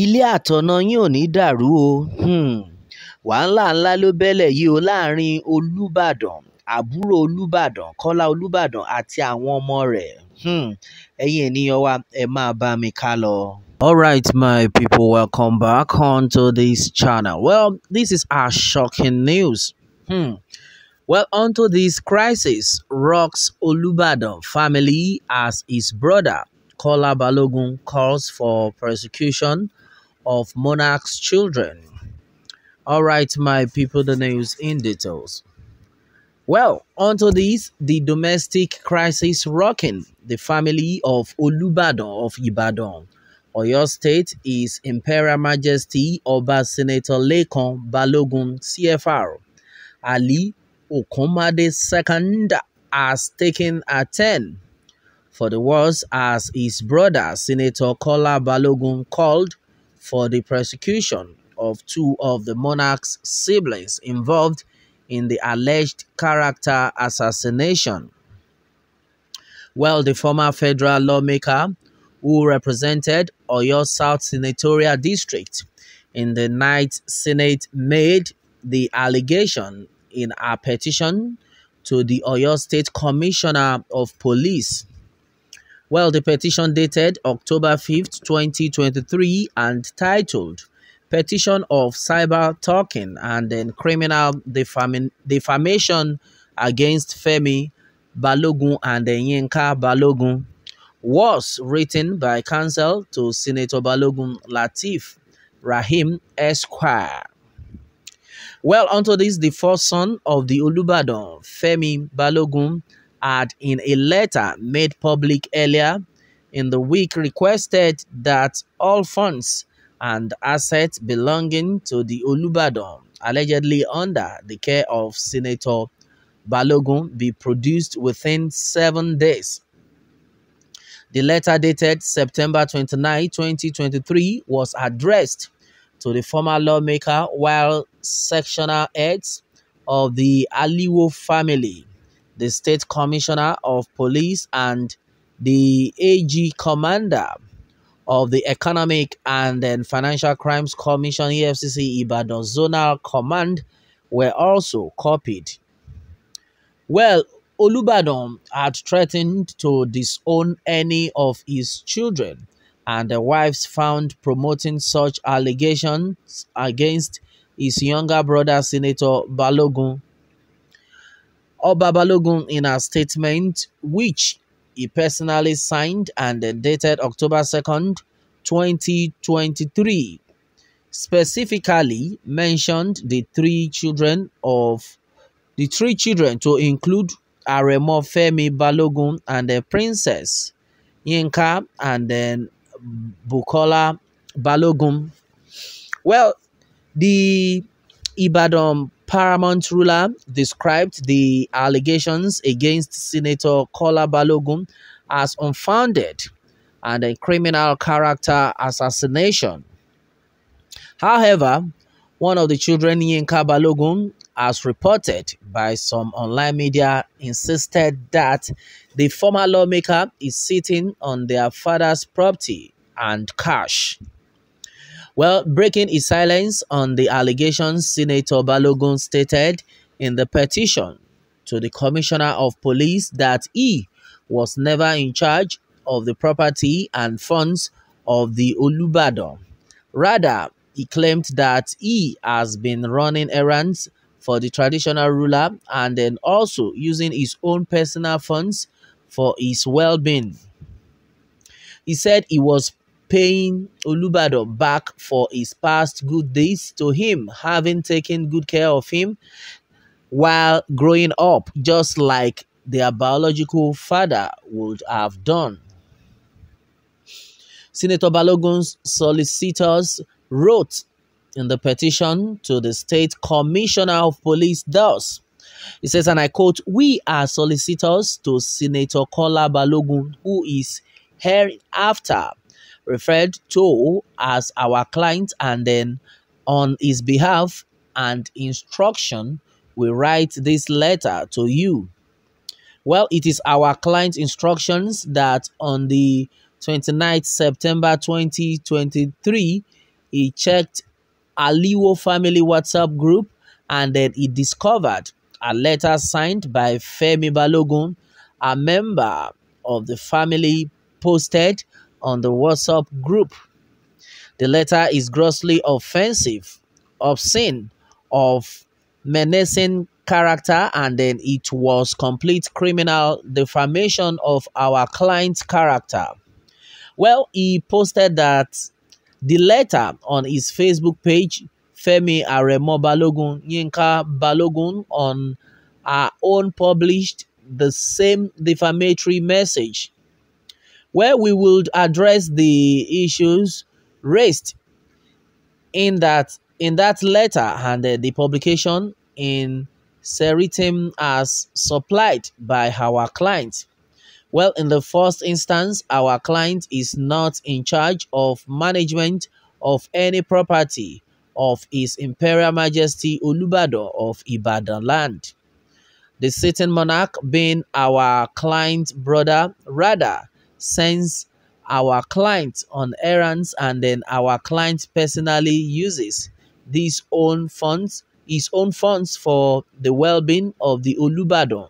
ilé àtọ̀nà yín ò ní dàrú o hmm. wàhálà ńlá ló bẹ́lẹ̀ yìí o láàrin olùbàdàn àbúrò olùbàdàn kọ́lá olùbàdàn àti àwọn ọmọ rẹ̀ hmm. ẹ̀yin ènìyàn wa ẹ máa bá mi ká lọ. Alright, my people, welcome back onto this channel. Well, this is our shocking news. Hmm. Well, onto this crisis rocks Olubadan family as his brother Kola Balogun calls for persecution of monarch's children. All right, my people, the news in details. Well, onto this, the domestic crisis rocking the family of Olubadon of Ibadan. Oyo State is Imperial Majesty Oba Senator Lekon Balogun CFR. Ali Okomade II has taken a turn for the words as his brother, Senator Kola Balogun, called for the prosecution of two of the monarch's siblings involved in the alleged character assassination. Well, the former federal lawmaker who represented Oyo South Senatorial District in the Ninth Senate made the allegation in a petition to the Oyo State Commissioner of Police well, the petition dated October 5th, 2023 and titled Petition of Cyber Talking and then Criminal Defam Defamation Against Femi Balogun and then Yinka Balogun was written by counsel to Senator Balogun Latif Rahim Esquire. Well, unto this, the first son of the Olubadan, Femi Balogun, had in a letter made public earlier in the week requested that all funds and assets belonging to the Olubadon, allegedly under the care of Senator Balogun, be produced within seven days. The letter dated September 29, 2023 was addressed to the former lawmaker while sectional heads of the Aliwo family the State Commissioner of Police, and the AG Commander of the Economic and then Financial Crimes Commission EFCC Ibadan Zonal Command were also copied. Well, Olubadan had threatened to disown any of his children, and the wives found promoting such allegations against his younger brother, Senator Balogun, Obabalogun, in a statement which he personally signed and dated October 2nd, 2023, specifically mentioned the three children of the three children to include Aremo Femi Balogun and the Princess Yinka and then Bukola Balogun. Well, the Ibadan paramount ruler described the allegations against Senator Kola Balogun as unfounded and a criminal character assassination. However, one of the children, Yinka Balogun, as reported by some online media, insisted that the former lawmaker is sitting on their father's property and cash. Well, breaking his silence on the allegations, Senator Balogun stated in the petition to the Commissioner of Police that he was never in charge of the property and funds of the Olubado. Rather, he claimed that he has been running errands for the traditional ruler and then also using his own personal funds for his well-being. He said he was paying Olubado back for his past good deeds to him, having taken good care of him while growing up, just like their biological father would have done. Senator Balogun's solicitors wrote in the petition to the State Commissioner of Police thus. he says, and I quote, We are solicitors to Senator Kola Balogun, who is hereafter referred to as our client and then on his behalf and instruction we write this letter to you well it is our client instructions that on the 29th september 2023 he checked aliwo family whatsapp group and then he discovered a letter signed by femi balogun a member of the family posted on the WhatsApp group. The letter is grossly offensive, obscene, of menacing character, and then it was complete criminal defamation of our client's character. Well, he posted that the letter on his Facebook page, Femi Aremo Balogun, Yinka Balogun, on our own published the same defamatory message where we will address the issues raised in that in that letter and uh, the publication in Seritim as supplied by our client. Well, in the first instance, our client is not in charge of management of any property of His Imperial Majesty Ulubado of Ibadan land. The sitting monarch being our client brother, rather, sends our client on errands and then our client personally uses these own funds his own funds for the well-being of the Olubadon.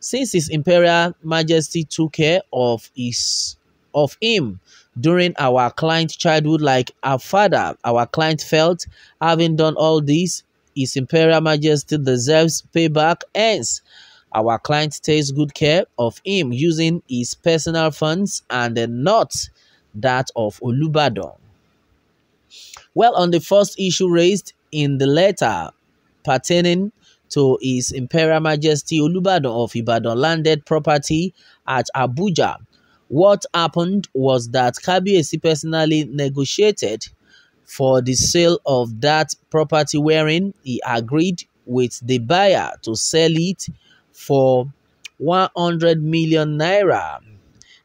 Since His Imperial Majesty took care of his of him during our client's childhood, like our father, our client felt, having done all this, His Imperial Majesty deserves payback. Hence, our client takes good care of him using his personal funds and not that of Olubadon. Well, on the first issue raised in the letter pertaining to His Imperial Majesty Olubadon of Ibadan landed property at Abuja, what happened was that Kabiesi personally negotiated for the sale of that property wherein he agreed with the buyer to sell it for 100 million naira.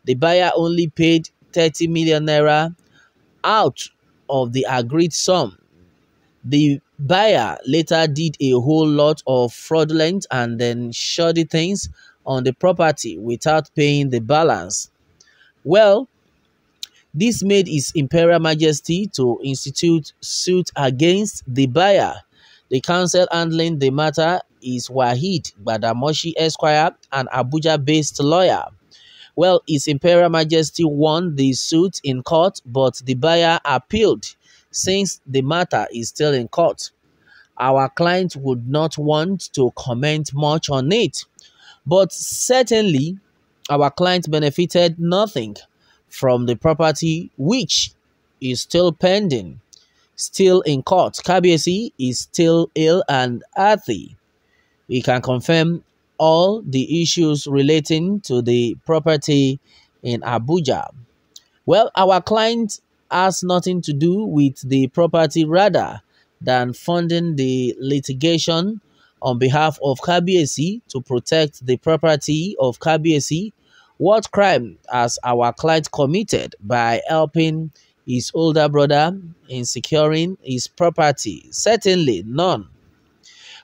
The buyer only paid 30 million naira out of the agreed sum. The buyer later did a whole lot of fraudulent and then shoddy things on the property without paying the balance. Well, this made His Imperial Majesty to institute suit against the buyer. The council handling the matter is Wahid Badamoshi Esquire, an Abuja-based lawyer. Well, His Imperial Majesty won the suit in court, but the buyer appealed since the matter is still in court. Our client would not want to comment much on it, but certainly our client benefited nothing from the property, which is still pending, still in court. KBSE is still ill and healthy we can confirm all the issues relating to the property in Abuja. Well, our client has nothing to do with the property rather than funding the litigation on behalf of KBSE to protect the property of KBSE. What crime has our client committed by helping his older brother in securing his property? Certainly none.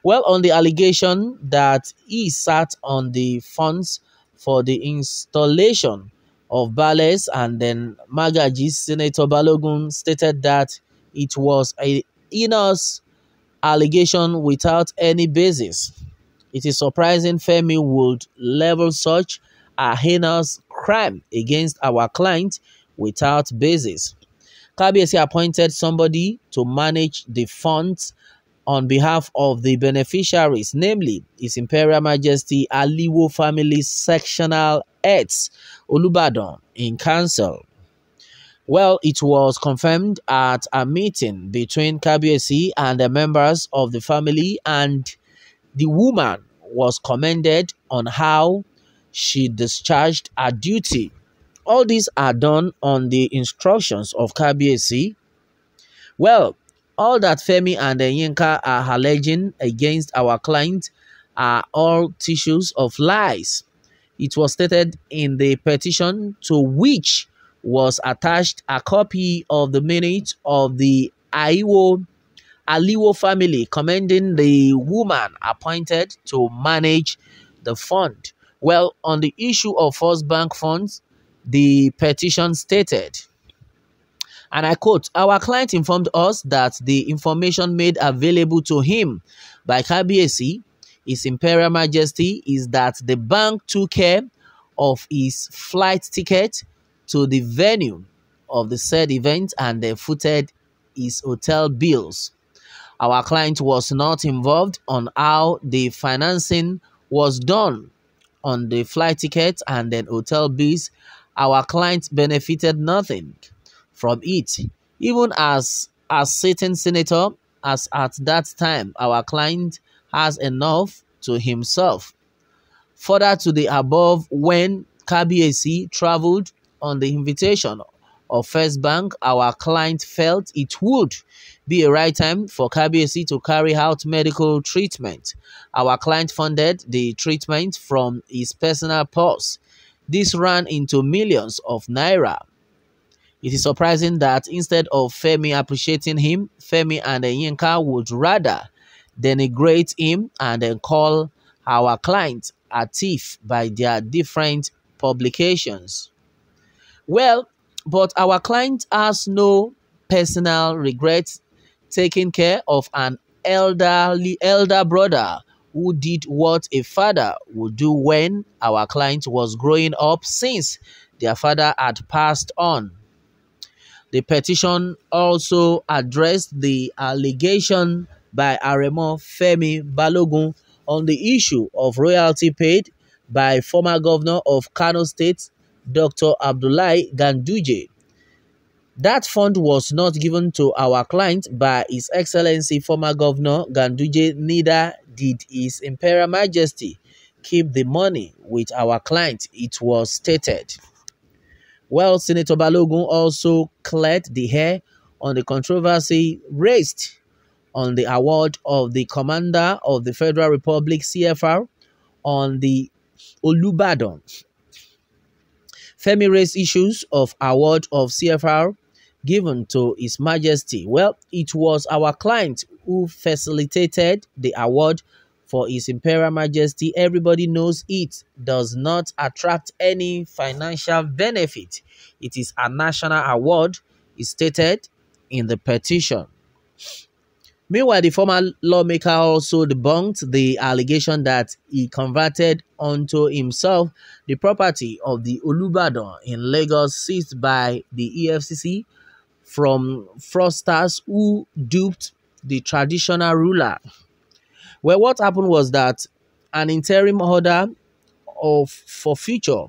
Well, on the allegation that he sat on the funds for the installation of Bales and then Magaji, Senator Balogun stated that it was a heinous allegation without any basis. It is surprising Femi would level such a heinous crime against our client without basis. Kabiesi appointed somebody to manage the funds on behalf of the beneficiaries, namely His Imperial Majesty Aliwo Family Sectional Heads Olubadon, in Council. Well, it was confirmed at a meeting between KBSC and the members of the family, and the woman was commended on how she discharged her duty. All these are done on the instructions of KBSC. Well, all that Femi and uh, Yinka are alleging against our client are all tissues of lies. It was stated in the petition to which was attached a copy of the minutes of the Aiwo Aliwo family commending the woman appointed to manage the fund. Well, on the issue of First Bank funds, the petition stated and I quote, Our client informed us that the information made available to him by KBAC, His Imperial Majesty, is that the bank took care of his flight ticket to the venue of the said event and they footed his hotel bills. Our client was not involved on how the financing was done on the flight ticket and then hotel bills. Our client benefited nothing from it. Even as a sitting senator, as at that time, our client has enough to himself. Further to the above, when KBAC traveled on the invitation of First Bank, our client felt it would be a right time for KBAC to carry out medical treatment. Our client funded the treatment from his personal purse. This ran into millions of naira. It is surprising that instead of Femi appreciating him, Femi and Yinka would rather denigrate him and then call our client a thief by their different publications. Well, but our client has no personal regrets taking care of an elderly elder brother who did what a father would do when our client was growing up since their father had passed on. The petition also addressed the allegation by Aremo Femi Balogun on the issue of royalty paid by former governor of Kano State, Dr. Abdullahi Ganduje. That fund was not given to our client by His Excellency former governor Ganduje, neither did His Imperial Majesty keep the money with our client, it was stated. Well, Senator Balogun also cleared the hair on the controversy raised on the award of the Commander of the Federal Republic CFR on the Olubadon. Femi raised issues of award of CFR given to His Majesty. Well, it was our client who facilitated the award for His Imperial Majesty, everybody knows it, does not attract any financial benefit. It is a national award, is stated in the petition. Meanwhile, the former lawmaker also debunked the allegation that he converted unto himself the property of the Olubadan in Lagos seized by the EFCC from fraudsters who duped the traditional ruler. Well, what happened was that an interim order of for future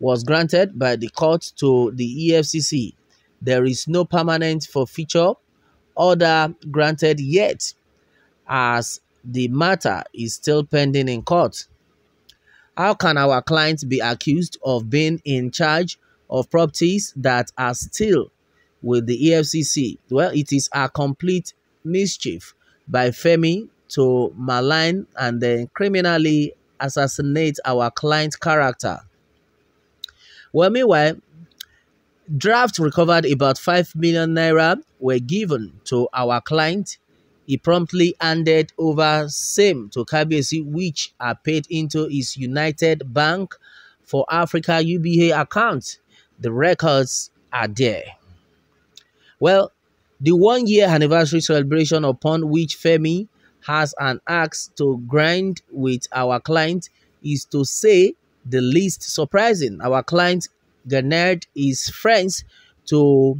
was granted by the court to the EFCC. There is no permanent forfeiture order granted yet, as the matter is still pending in court. How can our clients be accused of being in charge of properties that are still with the EFCC? Well, it is a complete mischief by Femi to malign and then criminally assassinate our client's character. Well, meanwhile, draft recovered about 5 million naira were given to our client. He promptly handed over same to KBC, which are paid into his United Bank for Africa UBA account. The records are there. Well, the one year anniversary celebration upon which Femi has an axe to grind with our client is to say the least surprising. Our client garnered his friends to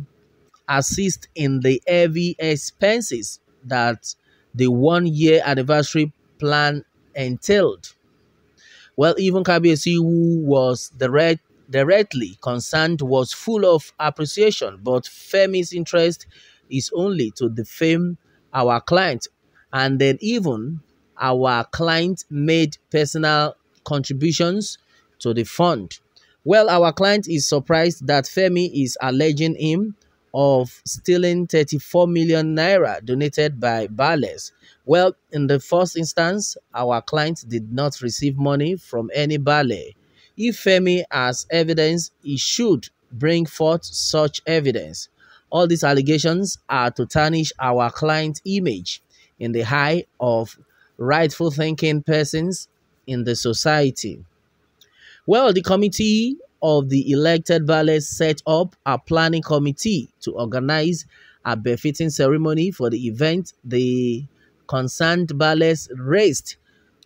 assist in the heavy expenses that the one year anniversary plan entailed. Well, even Kabiesi, who was direct, directly concerned, was full of appreciation, but Femi's interest is only to defame our client and then even our client made personal contributions to the fund. Well, our client is surprised that Femi is alleging him of stealing 34 million naira donated by Bales. Well, in the first instance, our client did not receive money from any Bale. If Femi has evidence, he should bring forth such evidence. All these allegations are to tarnish our client's image in the high of rightful thinking persons in the society. Well, the committee of the elected valets set up a planning committee to organize a befitting ceremony for the event. The concerned valets raised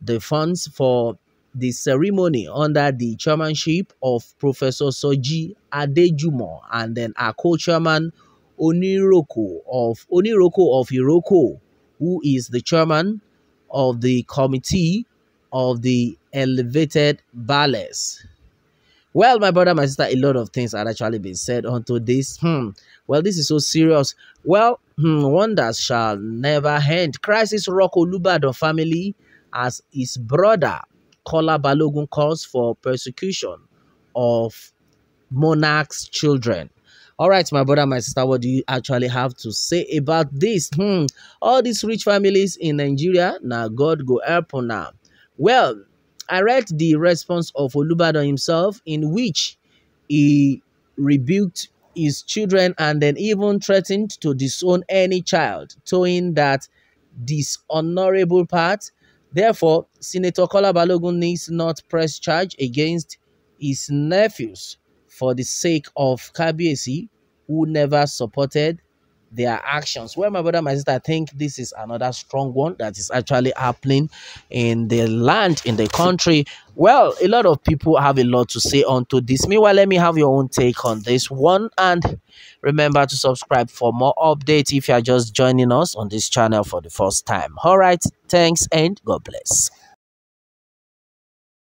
the funds for the ceremony under the chairmanship of Professor Soji Adejumo and then our co-chairman Oniroko of Oniroko of Iroko who is the chairman of the committee of the elevated ballast. Well, my brother, my sister, a lot of things had actually been said onto this. Hmm. Well, this is so serious. Well, hmm, wonders shall never end. Crisis rock Lubado family as his brother Kola Balogun calls for persecution of monarch's children. All right, my brother, my sister, what do you actually have to say about this? Hmm. All these rich families in Nigeria, now God go help now. Well, I read the response of Olubado himself in which he rebuked his children and then even threatened to disown any child, towing that dishonorable part. Therefore, Senator Kola Balogun needs not press charge against his nephews for the sake of KBC, who never supported their actions. Well, my brother, my sister, I think this is another strong one that is actually happening in the land, in the country. Well, a lot of people have a lot to say onto this. Meanwhile, let me have your own take on this one. And remember to subscribe for more updates if you are just joining us on this channel for the first time. All right, thanks and God bless.